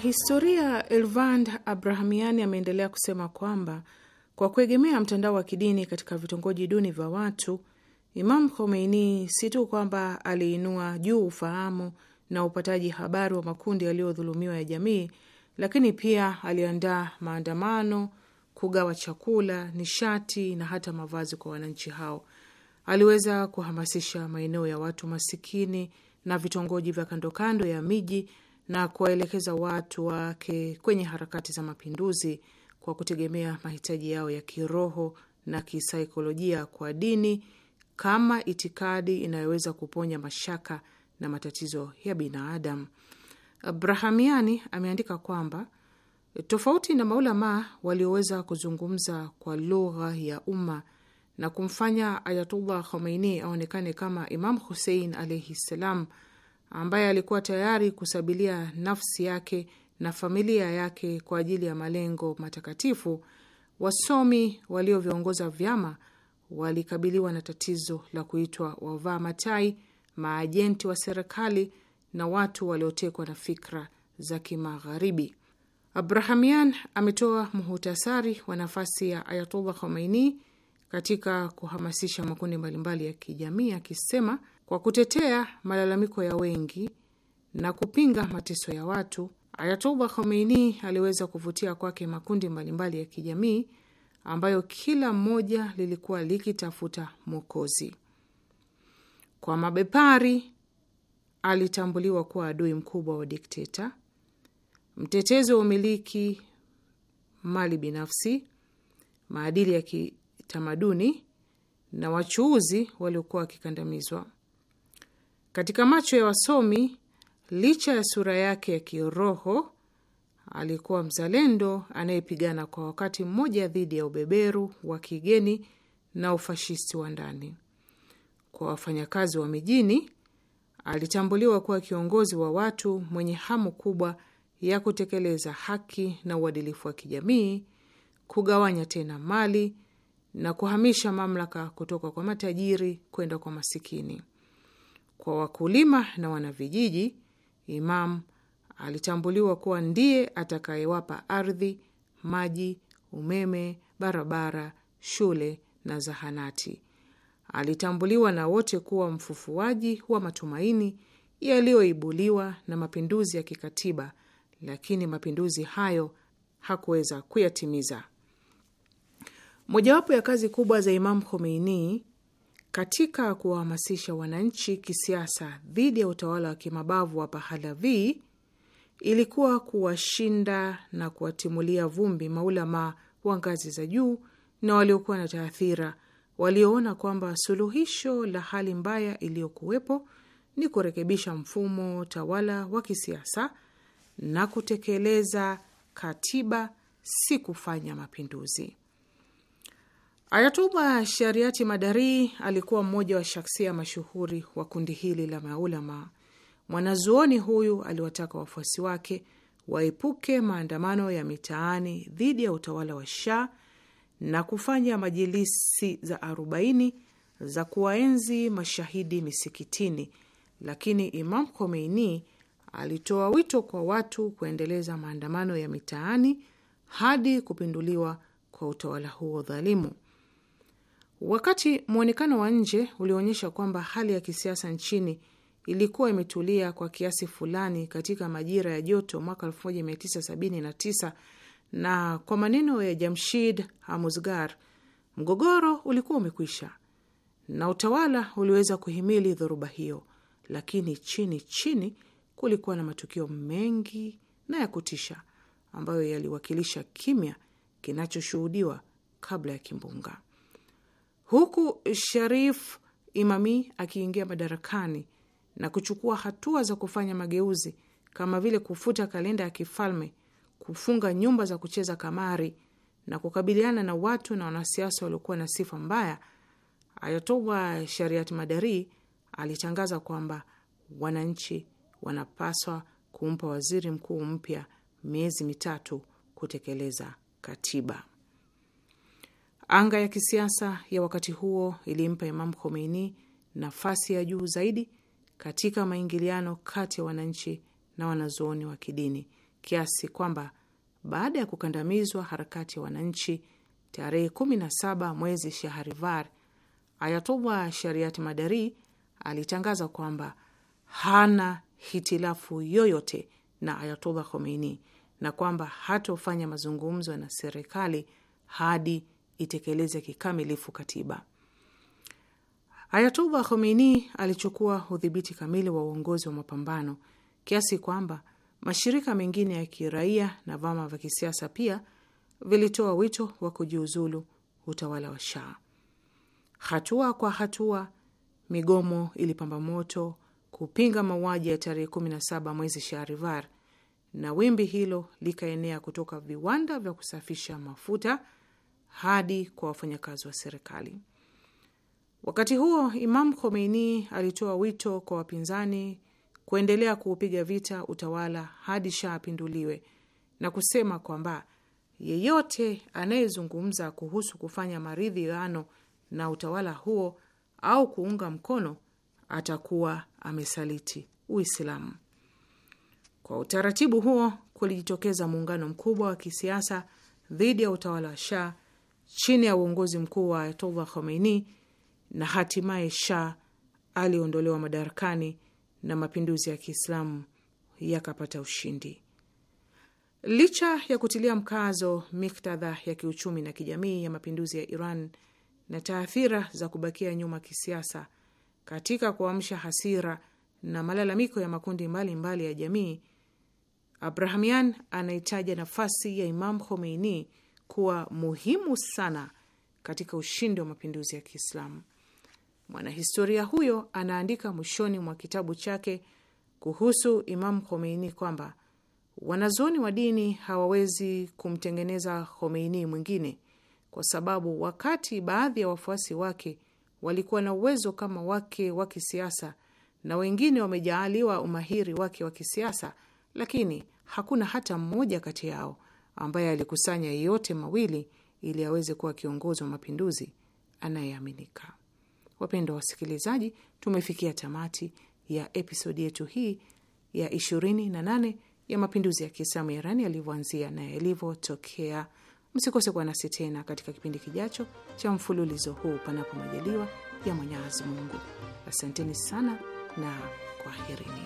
Mwanahistoria Elvand Abrahamiani ameendelea kusema kwamba kwa kuegemea mtandao wa kidini katika vitongoji duni vya watu, Imam Khomeini si tu kwamba aliinua juu ufahamu na upataji habari wa makundi yaliyodhulumiwa ya jamii, lakini pia aliandaa maandamano, kugawa chakula, nishati na hata mavazi kwa wananchi hao. Aliweza kuhamasisha maeneo ya watu masikini na vitongoji vya kandokando ya miji na kuwaelekeza watu wake kwenye harakati za mapinduzi kwa kutegemea mahitaji yao ya kiroho na kisaikolojia kwa dini kama itikadi inayoweza kuponya mashaka na matatizo ya binadamu. Brahamiani ameandika kwamba tofauti na maulamaa walioweza kuzungumza kwa lugha ya umma na kumfanya Ayatullah Khomeini aonekane kama Imam Husein alaihi ssalam ambaye alikuwa tayari kusabilia nafsi yake na familia yake kwa ajili ya malengo matakatifu, wasomi walioviongoza vyama walikabiliwa na tatizo la kuitwa wavaa matai, maajenti wa serikali na watu waliotekwa na fikra za Kimagharibi. Abrahamian ametoa muhutasari wa nafasi ya Ayatollah Khomeini katika kuhamasisha makundi mbalimbali ya kijamii akisema kwa kutetea malalamiko ya wengi na kupinga mateso ya watu, Ayatollah Khomeini aliweza kuvutia kwake makundi mbalimbali ya kijamii ambayo kila mmoja lilikuwa likitafuta mwokozi. Kwa mabepari, alitambuliwa kuwa adui mkubwa wa dikteta, mtetezi wa umiliki mali binafsi, maadili ya kitamaduni na wachuuzi waliokuwa wakikandamizwa. Katika macho ya wasomi, licha ya sura yake ya kiroho, alikuwa mzalendo anayepigana kwa wakati mmoja dhidi ya ubeberu wa kigeni na ufashisti wa ndani. Kwa wafanyakazi wa mijini, alitambuliwa kuwa kiongozi wa watu mwenye hamu kubwa ya kutekeleza haki na uadilifu wa kijamii, kugawanya tena mali na kuhamisha mamlaka kutoka kwa matajiri kwenda kwa masikini kwa wakulima na wanavijiji, Imam alitambuliwa kuwa ndiye atakayewapa ardhi, maji, umeme, barabara, shule na zahanati. Alitambuliwa na wote kuwa mfufuaji wa matumaini yaliyoibuliwa na mapinduzi ya kikatiba, lakini mapinduzi hayo hakuweza kuyatimiza. Mojawapo ya kazi kubwa za Imam Khomeini katika kuwahamasisha wananchi kisiasa dhidi ya utawala wa kimabavu wa Pahalavi ilikuwa kuwashinda na kuwatimulia vumbi maulama wa ngazi za juu na waliokuwa na taathira, walioona kwamba suluhisho la hali mbaya iliyokuwepo ni kurekebisha mfumo tawala wa kisiasa na kutekeleza katiba, si kufanya mapinduzi. Ayatuba Shariati Madari alikuwa mmoja wa shaksia mashuhuri wa kundi hili la maulama. Mwanazuoni huyu aliwataka wafuasi wake waepuke maandamano ya mitaani dhidi ya utawala wa Shah na kufanya majilisi za arobaini za kuwaenzi mashahidi misikitini, lakini Imam Khomeini alitoa wito kwa watu kuendeleza maandamano ya mitaani hadi kupinduliwa kwa utawala huo dhalimu. Wakati mwonekano wa nje ulionyesha kwamba hali ya kisiasa nchini ilikuwa imetulia kwa kiasi fulani katika majira ya joto mwaka 1979 na kwa maneno ya Jamshid Hamuzgar, mgogoro ulikuwa umekwisha na utawala uliweza kuhimili dhoruba hiyo, lakini chini chini kulikuwa na matukio mengi na ya kutisha ambayo yaliwakilisha kimya kinachoshuhudiwa kabla ya kimbunga huku Sharif Imami akiingia madarakani na kuchukua hatua za kufanya mageuzi kama vile kufuta kalenda ya kifalme, kufunga nyumba za kucheza kamari na kukabiliana na watu na wanasiasa waliokuwa na sifa mbaya, Ayatollah Shariat Madari alitangaza kwamba wananchi wanapaswa kumpa waziri mkuu mpya miezi mitatu kutekeleza katiba. Anga ya kisiasa ya wakati huo ilimpa Imam Khomeini nafasi ya juu zaidi katika maingiliano kati ya wananchi na wanazuoni wa kidini, kiasi kwamba baada ya kukandamizwa harakati ya wananchi tarehe 17 mwezi Shaharivar, Ayatullah Shariati Madari alitangaza kwamba hana hitilafu yoyote na Ayatullah Khomeini na kwamba hatofanya mazungumzo na serikali hadi itekeleze kikamilifu katiba. Ayatullah Khomeini alichukua udhibiti kamili wa uongozi wa mapambano kiasi kwamba mashirika mengine ya kiraia na vyama vya kisiasa pia vilitoa wito wa kujiuzulu utawala wa Shah. Hatua kwa hatua, migomo ilipamba moto kupinga mauaji ya tarehe 17 mwezi Shahrivar, na wimbi hilo likaenea kutoka viwanda vya kusafisha mafuta hadi kwa wafanyakazi wa serikali. Wakati huo, Imam Khomeini alitoa wito kwa wapinzani kuendelea kuupiga vita utawala hadi Shah apinduliwe na kusema kwamba yeyote anayezungumza kuhusu kufanya maridhiano na utawala huo au kuunga mkono atakuwa amesaliti Uislamu. Kwa utaratibu huo, kulijitokeza muungano mkubwa wa kisiasa dhidi ya utawala wa Shah chini ya uongozi mkuu wa Ayatollah Khomeini na hatimaye Shah aliondolewa madarakani na mapinduzi ya Kiislamu yakapata ushindi. Licha ya kutilia mkazo miktadha ya kiuchumi na kijamii ya mapinduzi ya Iran na taathira za kubakia nyuma kisiasa katika kuamsha hasira na malalamiko ya makundi mbalimbali mbali ya jamii, Abrahamian anaitaja nafasi ya Imam Khomeini kuwa muhimu sana katika ushindi wa mapinduzi ya Kiislamu. Mwanahistoria huyo anaandika mwishoni mwa kitabu chake kuhusu Imamu Khomeini kwamba wanazuoni wa dini hawawezi kumtengeneza Khomeini mwingine, kwa sababu wakati baadhi ya wafuasi wake walikuwa na uwezo kama wake wa kisiasa na wengine wamejaaliwa umahiri wake wa kisiasa, lakini hakuna hata mmoja kati yao ambaye alikusanya yote mawili ili aweze kuwa kiongozi wa mapinduzi anayeaminika. Wapendwa wasikilizaji, tumefikia tamati ya episodi yetu hii ya ishirini na nane ya mapinduzi ya Kiislamu ya Irani yalivyoanzia na yalivyotokea. Msikose kuwa nasi tena katika kipindi kijacho cha mfululizo huu, panapo majaliwa ya Mwenyezi Mungu. Asanteni sana na kwaherini.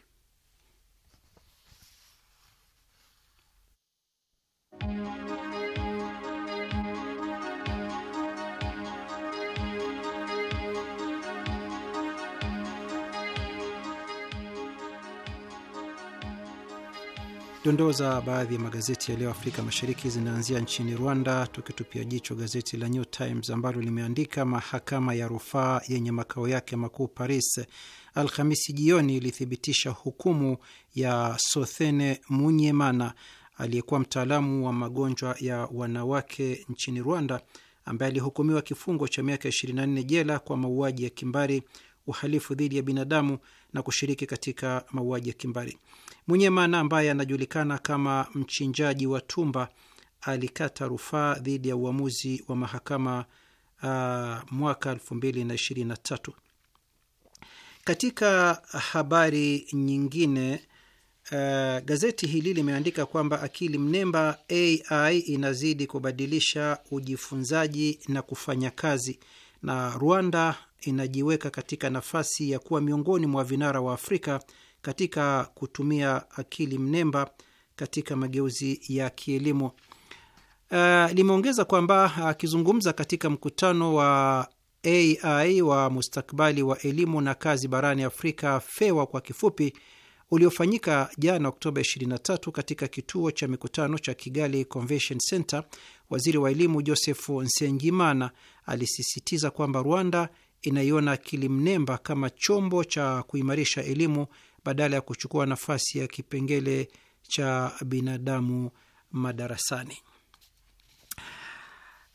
Dondoo za baadhi ya magazeti ya leo Afrika Mashariki zinaanzia nchini Rwanda, tukitupia jicho gazeti la New Times ambalo limeandika mahakama ya rufaa yenye makao yake makuu Paris Alhamisi jioni ilithibitisha hukumu ya Sothene Munyemana aliyekuwa mtaalamu wa magonjwa ya wanawake nchini Rwanda, ambaye alihukumiwa kifungo cha miaka 24 jela kwa mauaji ya kimbari, uhalifu dhidi ya binadamu na kushiriki katika mauaji ya kimbari. Munyemana ambaye anajulikana kama mchinjaji wa tumba alikata rufaa dhidi ya uamuzi wa mahakama uh, mwaka 2023. Katika habari nyingine, uh, gazeti hili limeandika kwamba akili mnemba AI inazidi kubadilisha ujifunzaji na kufanya kazi, na Rwanda inajiweka katika nafasi ya kuwa miongoni mwa vinara wa Afrika katika kutumia akili mnemba katika mageuzi ya kielimu. Uh, eh, limeongeza kwamba eh, akizungumza uh, katika mkutano wa AI wa mustakbali wa elimu na kazi barani Afrika, FEWA kwa kifupi, uliofanyika jana Oktoba 23 katika kituo cha mikutano cha Kigali Convention Center, waziri wa elimu Joseph Nsengimana alisisitiza kwamba Rwanda inaiona akili mnemba kama chombo cha kuimarisha elimu badala ya kuchukua nafasi ya kipengele cha binadamu madarasani.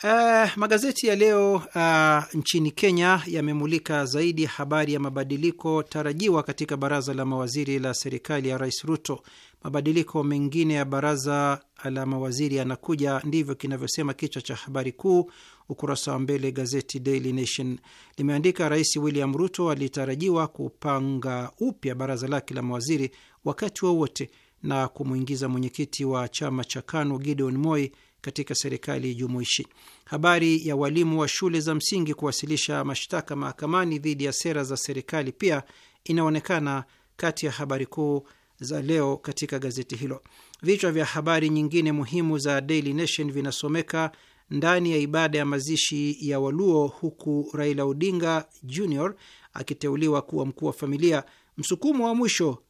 Uh, magazeti ya leo uh, nchini Kenya yamemulika zaidi habari ya mabadiliko tarajiwa katika baraza la mawaziri la serikali ya Rais Ruto. Mabadiliko mengine ya baraza la mawaziri yanakuja, ndivyo kinavyosema kichwa cha habari kuu, Ukurasa wa mbele gazeti Daily Nation limeandika Rais William Ruto alitarajiwa kupanga upya baraza lake la mawaziri wakati wowote wa na kumwingiza mwenyekiti wa chama cha KANU Gideon Moi katika serikali jumuishi. Habari ya walimu wa shule za msingi kuwasilisha mashtaka mahakamani dhidi ya sera za serikali pia inaonekana kati ya habari kuu za leo katika gazeti hilo. Vichwa vya habari nyingine muhimu za Daily Nation vinasomeka ndani ya ibada ya mazishi ya Waluo, huku Raila Odinga Jr akiteuliwa kuwa mkuu wa familia. Msukumo wa mwisho,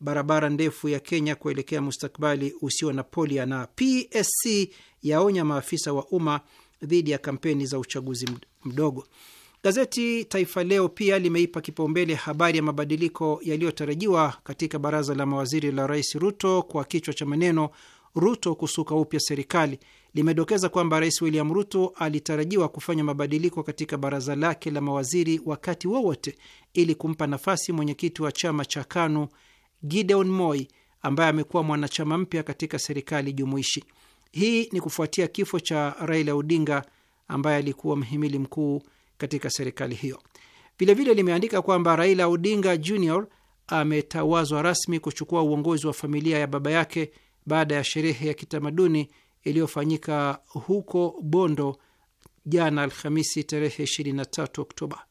barabara ndefu ya Kenya kuelekea mustakbali usio na polia, na PSC yaonya maafisa wa umma dhidi ya kampeni za uchaguzi mdogo. Gazeti Taifa Leo pia limeipa kipaumbele habari ya mabadiliko yaliyotarajiwa katika baraza la mawaziri la Rais Ruto kwa kichwa cha maneno Ruto kusuka upya serikali, limedokeza kwamba Rais William Ruto alitarajiwa kufanya mabadiliko katika baraza lake la mawaziri wakati wowote ili kumpa nafasi mwenyekiti wa chama cha KANU Gideon Moi ambaye amekuwa mwanachama mpya katika serikali jumuishi. Hii ni kufuatia kifo cha Raila Odinga ambaye alikuwa mhimili mkuu katika serikali hiyo. Vilevile limeandika kwamba Raila Odinga Jr ametawazwa rasmi kuchukua uongozi wa familia ya baba yake baada ya sherehe ya kitamaduni iliyofanyika huko Bondo jana Alhamisi tarehe 23 Oktoba.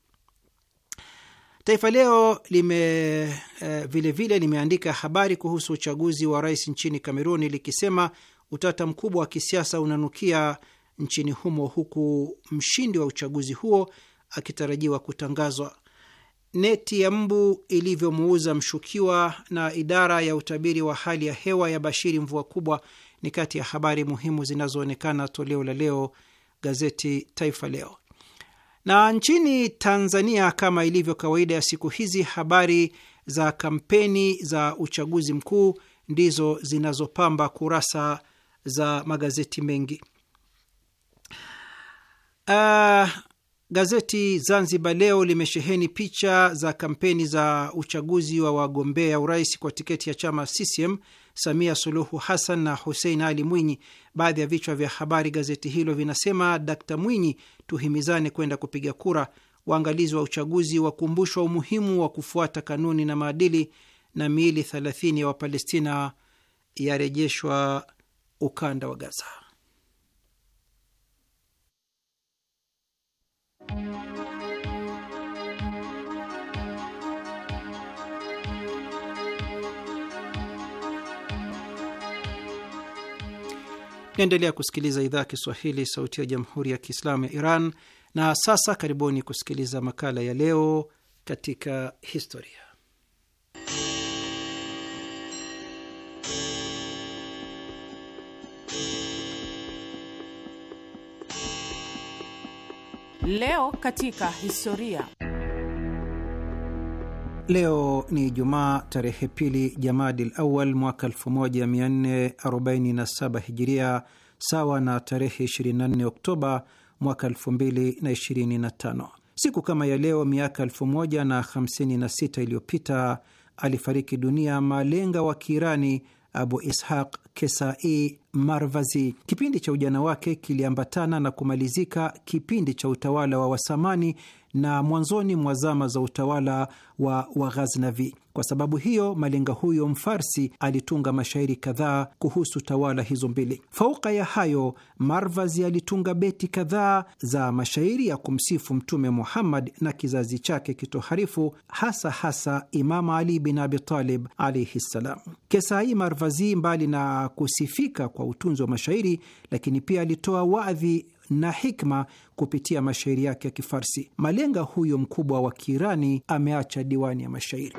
Taifa Leo lime uh, eh, vilevile limeandika habari kuhusu uchaguzi wa rais nchini Kameruni likisema utata mkubwa wa kisiasa unanukia nchini humo, huku mshindi wa uchaguzi huo akitarajiwa kutangazwa neti ya mbu ilivyomuuza mshukiwa na idara ya utabiri wa hali ya hewa ya bashiri mvua kubwa ni kati ya habari muhimu zinazoonekana toleo la leo gazeti Taifa Leo. Na nchini Tanzania, kama ilivyo kawaida ya siku hizi, habari za kampeni za uchaguzi mkuu ndizo zinazopamba kurasa za magazeti mengi. Uh, Gazeti Zanzibar Leo limesheheni picha za kampeni za uchaguzi wa wagombea urais kwa tiketi ya chama CCM, Samia Suluhu Hassan na Hussein Ali Mwinyi. Baadhi ya vichwa vya habari gazeti hilo vinasema: Dkt Mwinyi, tuhimizane kwenda kupiga kura; waangalizi wa uchaguzi wakumbushwa umuhimu wa kufuata kanuni na maadili; na miili 30 ya Wapalestina yarejeshwa ukanda wa Gaza. Naendelea kusikiliza idhaa ya Kiswahili, sauti ya jamhuri ya kiislamu ya Iran. Na sasa karibuni kusikiliza makala ya leo katika historia Leo katika historia. Leo ni Jumaa tarehe pili Jamadil Awal mwaka 1447 Hijiria, sawa na tarehe 24 Oktoba mwaka 2025. Siku kama ya leo miaka 1056 iliyopita alifariki dunia malenga wa Kiirani Abu Ishaq Kesai Marvazi. Kipindi cha ujana wake kiliambatana na kumalizika kipindi cha utawala wa Wasamani na mwanzoni mwa zama za utawala wa Waghaznavi. Kwa sababu hiyo, malenga huyo Mfarsi alitunga mashairi kadhaa kuhusu tawala hizo mbili. Fauka ya hayo, Marvazi alitunga beti kadhaa za mashairi ya kumsifu Mtume Muhammad na kizazi chake kitoharifu, hasa hasa imamu Ali bin Abi Talib alaihi ssalam. Kesa hii Marvazi, mbali na kusifika kwa kwa utunzi wa mashairi, lakini pia alitoa wadhi na hikma kupitia mashairi yake ya Kifarsi. Malenga huyo mkubwa wa Kiirani ameacha diwani ya mashairi.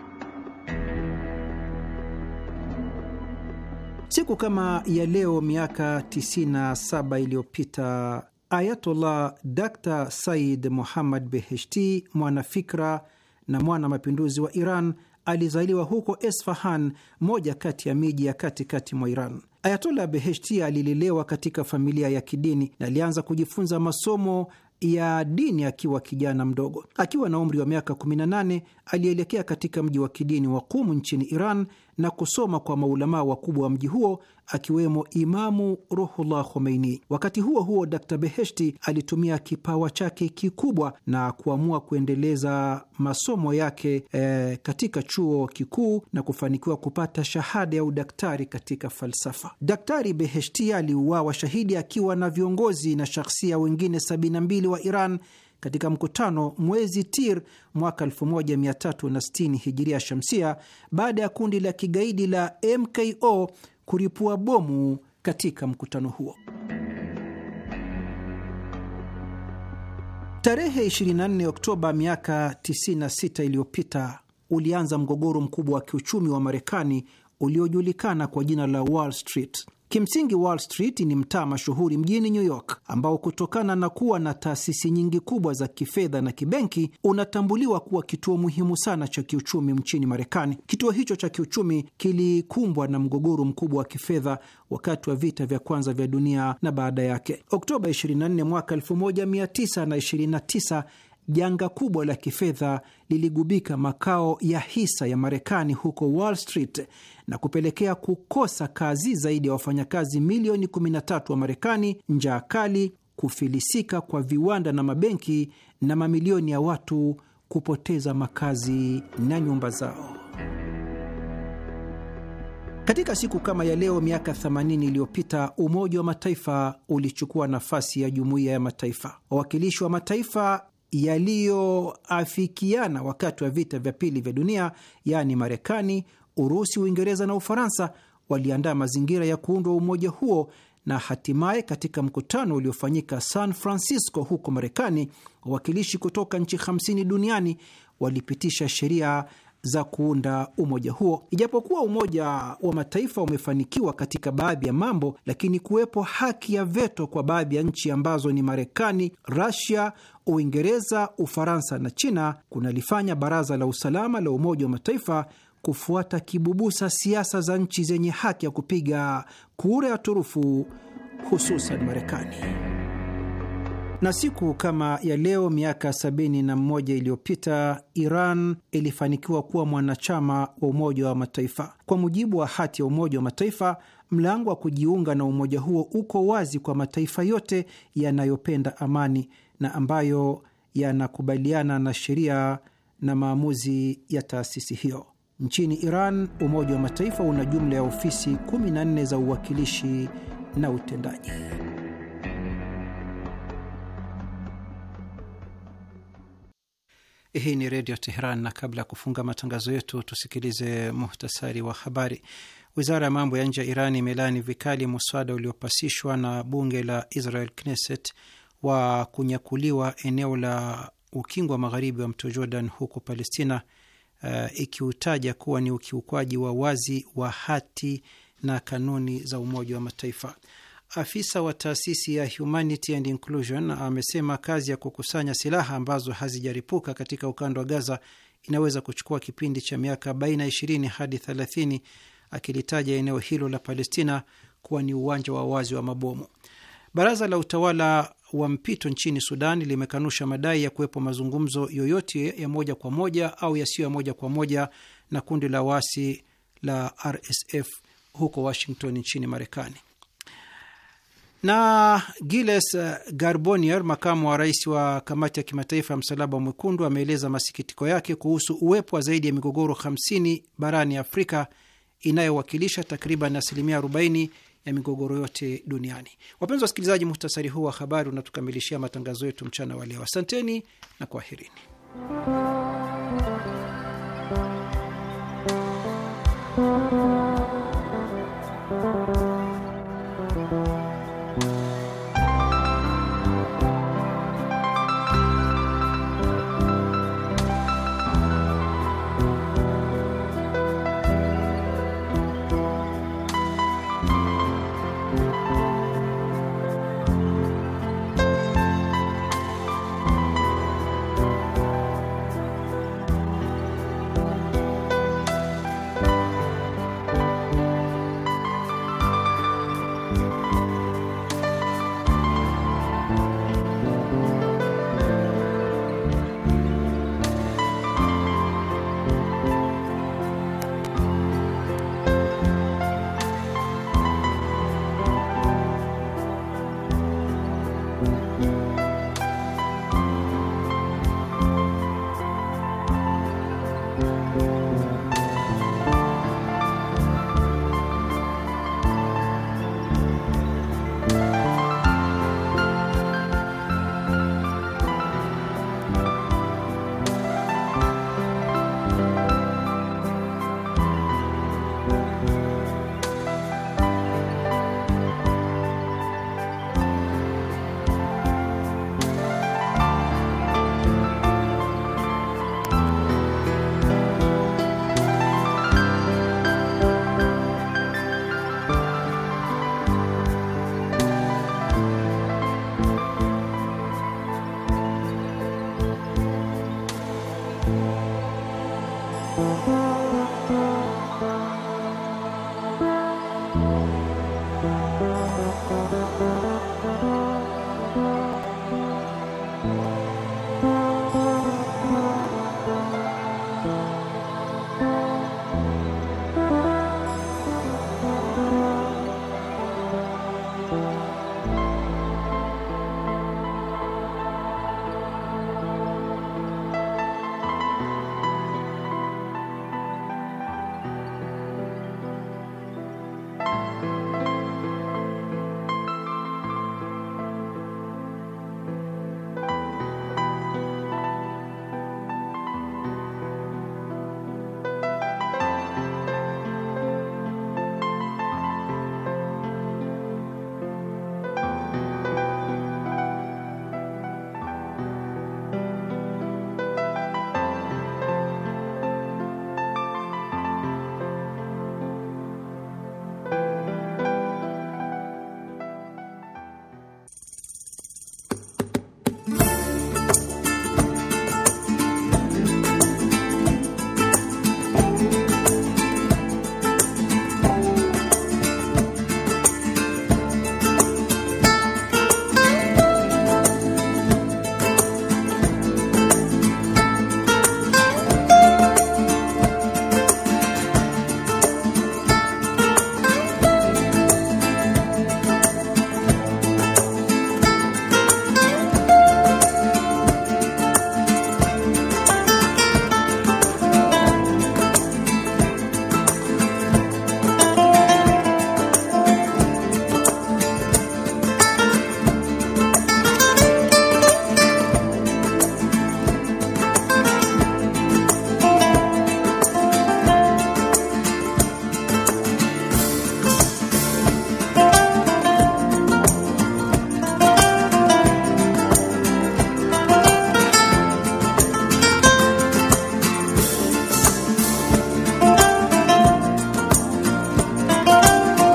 Siku kama ya leo miaka 97 iliyopita Ayatollah Dr Said Muhammad Beheshti, mwanafikra na mwana mapinduzi wa Iran, alizaliwa huko Esfahan, moja kati ya miji ya katikati mwa Iran. Ayatola Beheshti alilelewa katika familia ya kidini na alianza kujifunza masomo ya dini akiwa kijana mdogo. Akiwa na umri wa miaka 18 alielekea katika mji wa kidini wa Kumu nchini Iran na kusoma kwa maulamaa wakubwa wa mji huo akiwemo Imamu Ruhullah Khomeini. Wakati huo huo, Dr Beheshti alitumia kipawa chake kikubwa na kuamua kuendeleza masomo yake e, katika chuo kikuu na kufanikiwa kupata shahada ya udaktari katika falsafa. Daktari Beheshti aliuawa shahidi akiwa na viongozi na shakhsia wengine 72 wa Iran katika mkutano mwezi Tir mwaka 1360 hijiria shamsia, baada ya kundi la kigaidi la MKO kuripua bomu katika mkutano huo. Tarehe 24 Oktoba miaka 96 iliyopita ulianza mgogoro mkubwa wa kiuchumi wa Marekani uliojulikana kwa jina la Wall Street. Kimsingi, Wall Street ni mtaa mashuhuri mjini New York ambao kutokana na kuwa na taasisi nyingi kubwa za kifedha na kibenki unatambuliwa kuwa kituo muhimu sana cha kiuchumi nchini Marekani. Kituo hicho cha kiuchumi kilikumbwa na mgogoro mkubwa wa kifedha wakati wa vita vya kwanza vya dunia na baada yake. Oktoba 24 mwaka 1929 janga kubwa la kifedha liligubika makao ya hisa ya Marekani huko Wall Street na kupelekea kukosa kazi zaidi ya wafanyakazi milioni 13 wa Marekani, njaa kali, kufilisika kwa viwanda na mabenki, na mamilioni ya watu kupoteza makazi na nyumba zao. Katika siku kama ya leo miaka 80 iliyopita Umoja wa Mataifa ulichukua nafasi ya Jumuiya ya Mataifa. Wawakilishi wa mataifa yaliyoafikiana wakati wa vita vya pili vya dunia, yaani Marekani, Urusi, Uingereza na Ufaransa waliandaa mazingira ya kuundwa umoja huo na hatimaye katika mkutano uliofanyika San Francisco huko Marekani, wawakilishi kutoka nchi 50 duniani walipitisha sheria za kuunda umoja huo. Ijapokuwa Umoja wa Mataifa umefanikiwa katika baadhi ya mambo, lakini kuwepo haki ya veto kwa baadhi ya nchi ambazo ni Marekani, Rasia, Uingereza, Ufaransa na China kunalifanya Baraza la Usalama la Umoja wa Mataifa kufuata kibubusa siasa za nchi zenye haki ya kupiga kura ya turufu, hususan Marekani. Na siku kama ya leo miaka 71 iliyopita Iran ilifanikiwa kuwa mwanachama wa Umoja wa Mataifa. Kwa mujibu wa hati ya Umoja wa Mataifa, mlango wa kujiunga na umoja huo uko wazi kwa mataifa yote yanayopenda amani na ambayo yanakubaliana na sheria na maamuzi ya taasisi hiyo. Nchini Iran, Umoja wa Mataifa una jumla ya ofisi 14 za uwakilishi na utendaji. Hii ni Redio Teheran, na kabla ya kufunga matangazo yetu tusikilize muhtasari wa habari. Wizara ya mambo ya nje ya Iran imelaani vikali muswada uliopasishwa na bunge la Israel, Knesset, wa kunyakuliwa eneo la ukingo wa magharibi wa mto Jordan huko Palestina uh, ikiutaja kuwa ni ukiukwaji wa wazi wa hati na kanuni za Umoja wa Mataifa. Afisa wa taasisi ya Humanity and Inclusion amesema kazi ya kukusanya silaha ambazo hazijaripuka katika ukanda wa Gaza inaweza kuchukua kipindi cha miaka baina 20 hadi 30, akilitaja eneo hilo la Palestina kuwa ni uwanja wa wazi wa mabomu. Baraza la utawala wa mpito nchini Sudan limekanusha madai ya kuwepo mazungumzo yoyote ya moja kwa moja au yasiyo ya moja kwa moja na kundi la wasi la RSF huko Washington nchini Marekani. Na Giles Garbonier, makamu wa rais wa kamati ya kimataifa ya msalaba mwekundu, ameeleza masikitiko yake kuhusu uwepo wa zaidi ya migogoro 50 barani Afrika inayowakilisha takriban asilimia ya migogoro yote duniani. Wapenzi wasikilizaji, muhtasari huu wa habari unatukamilishia matangazo yetu mchana wa leo. Asanteni na kwaherini.